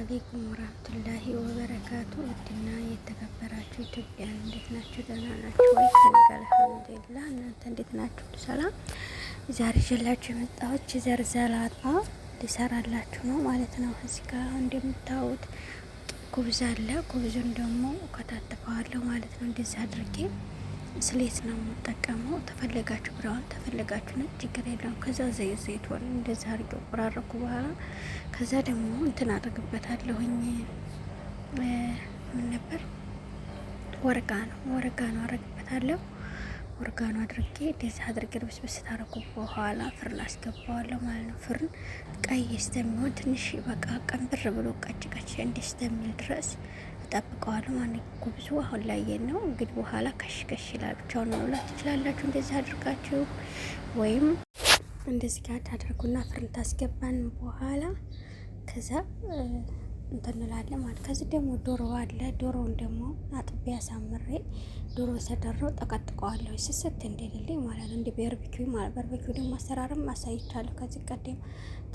አለይኩም ወራህመቱላሂ ወበረካቱ እድና የተከበራችሁ ኢትዮጵያን እንዴት ናችሁ? ደህና ናችሁ ወይ? አልሐምዱሊላህ። እናንተ እንዴት ናችሁ? ሰላም። ዛሬ ይዤላችሁ የመጣሁት ዘርዘላጣ ሊሰራላችሁ ነው ማለት ነው። እዚህ ጋ እንደምታዩት ኩብዝ አለ። ኩብዙን ደግሞ እከታተፈዋለሁ ማለት ነው እንደዚህ አድርጌ ስሌት ነው የምጠቀመው። ተፈለጋችሁ ብራውን ተፈለጋችሁ ነ ችግር የለውም። ከዛ ዘይት ዘይት ዘይቱን እንደዚህ አድርጌ ቆራረኩ በኋላ ከዛ ደግሞ እንትን አድርግበታለሁኝ ምን ነበር ወርጋ ነው ወርጋ ነው አደርግበታለሁ። ወርጋ ነው አድርጌ እንደዚህ አድርጌ ልብስብስ ታረኩ በኋላ ፍርን አስገባዋለሁ ማለት ነው። ፍርን ቀይ ስተሚሆን ትንሽ በቃ ቀንብር ብሎ ቀጭቀች ቀጭ እንደ ድረስ እጠብቀዋለሁ ማለት ጉብዙ አሁን ላይ ነው እንግዲህ በኋላ ከሽከሽ ይላል። ብቻውን መብላት ትችላላችሁ እንደዚህ አድርጋችሁ ወይም እንደዚህ ጋር ታደርጉና ፍርን ታስገባን በኋላ ከዛ እንትንላለ ማለት ከዚህ ደግሞ ዶሮ አለ። ዶሮውን ደግሞ አጥቤ ያሳምሬ ዶሮ ሰደረው ጠቀጥቀዋለሁ ስስት እንደሌለኝ ማለት ነው። እንደ በርቢኪ ማለት በርቢኪው ደግሞ አሰራርም አሳይቻለሁ ከዚህ ቀደም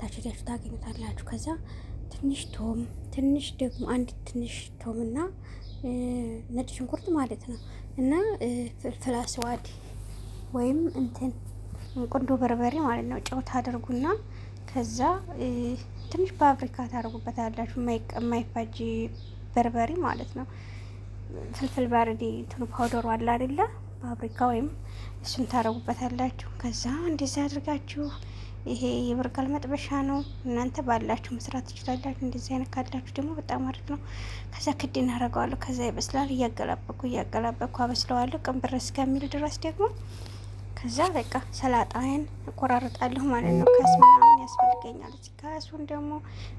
ታችዳችሁ ታገኙታላችሁ ከዛ ትንሽ ቶም፣ ትንሽ ደግሞ አንድ ትንሽ ቶም እና ነጭ ሽንኩርት ማለት ነው እና ፍላስዋድ ወይም እንትን ቁንዶ በርበሬ ማለት ነው። ጨው ታደርጉና ከዛ ትንሽ ፓፕሪካ አላችሁ። የማይፋጅ በርበሬ ማለት ነው። ፍልፍል ባርዲ እንትኑ ፓውደሩ አለ አይደለ? ፓፕሪካ ወይም እሱን ታደርጉበታላችሁ። ከዛ እንደዚህ አድርጋችሁ ይሄ የበርጋል መጥበሻ ነው። እናንተ ባላችሁ መስራት ትችላላችሁ። እንደዚህ አይነት ካላችሁ ደግሞ በጣም አሪፍ ነው። ከዛ ክድ እናደርገዋለሁ። ከዛ ይበስላል። እያገላበኩ እያገላበኩ አበስለዋለሁ ቅንብር እስከሚል ድረስ ደግሞ ከዛ በቃ ሰላጣዬን እቆራርጣለሁ ማለት ነው። ከስ ምናምን ያስፈልገኛል። እዚህ ከሱን ደግሞ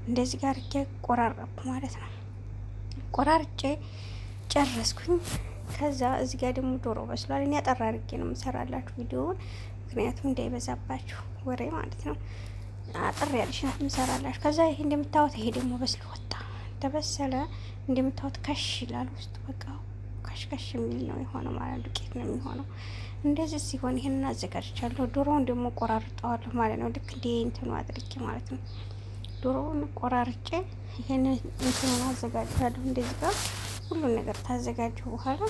እንደዚህ ጋር እጄ ቆራረጥኩ ማለት ነው። ቆራርጬ ጨረስኩኝ። ከዛ እዚህ ጋር ደግሞ ዶሮ በስሏል። እኔ አጠራ አድርጌ ነው የምሰራላችሁ ቪዲዮውን ምክንያቱም እንዳይበዛባችሁ ወሬ ማለት ነው። አጥር ያለች ናት ምሰራላችሁ። ከዛ ይሄ እንደምታወት ይሄ ደግሞ በስል ወጣ ተበሰለ። እንደምታወት ከሽ ይላል ውስጡ በቃ ከሽከሽ የሚል ነው የሆነው ማለት ዱቄት ነው የሚሆነው። እንደዚህ ሲሆን ይሄንን አዘጋጅቻለሁ። ዶሮውን ደግሞ ቆራርጠዋለሁ ማለት ነው። ልክ እንደ እንትኑ አድርጌ ማለት ነው። ዶሮውን ቆራርጬ ይሄንን እንትኑን አዘጋጅቻለሁ። እንደዚህ ጋር ሁሉን ነገር ታዘጋጀው በኋላ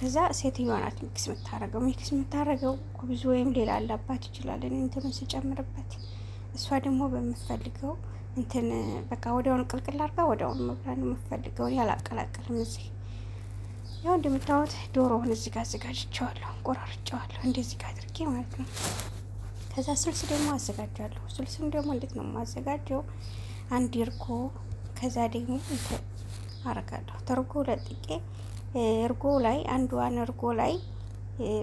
ከዛ ሴትዮዋ ናት ሚክስ የምታረገው። ሚክስ የምታረገው ኩብዝ ወይም ሌላ አላባት ይችላል እንትኑን ስጨምርበት፣ እሷ ደግሞ በምፈልገው እንትን በቃ ወዲያውኑ ቅልቅል አርጋ ወዲያውኑ መብላን የምፈልገውን ያላቀላቀልም። እዚህ ያው እንደምታዩት ዶሮውን እዚህ ጋር አዘጋጅቸዋለሁ፣ ቆራርጨዋለሁ እንደዚህ ጋር አድርጌ ማለት ነው። ከዛ ስልስ ደግሞ አዘጋጃለሁ። ስልስም ደግሞ እንዴት ነው የማዘጋጀው? አንድ እርጎ ከዛ ደግሞ አረጋለሁ ተርጎ ለጥቄ እርጎ ላይ አንዷን እርጎ ላይ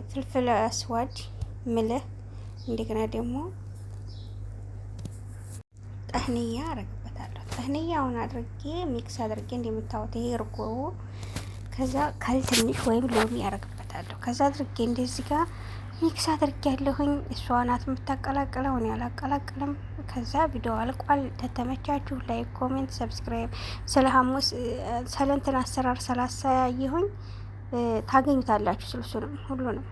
ፍልፍል አስዋድ ምልህ እንደገና ደግሞ ጠህንያ አረግበታለሁ። ጠህንያውን አድርጌ ሚክስ አድርጌ እንደምታወት ይሄ እርጎ ከዛ ከል ትንሽ ወይም ሎሚ አረግበታለሁ። ከዛ አድርጌ እንደዚህ ጋር ሚክስ አድርጊያለሁኝ። እሷ ናት የምታቀላቅለው፣ እኔ አላቀላቅልም። ከዛ ቪዲዮ አልቋል። ተተመቻችሁ ላይክ፣ ኮሜንት፣ ሰብስክራይብ። ስለ ሀሙስ ሰለንትን አሰራር ስላሳያየሁኝ ታገኙታላችሁ ስልሱንም ሁሉንም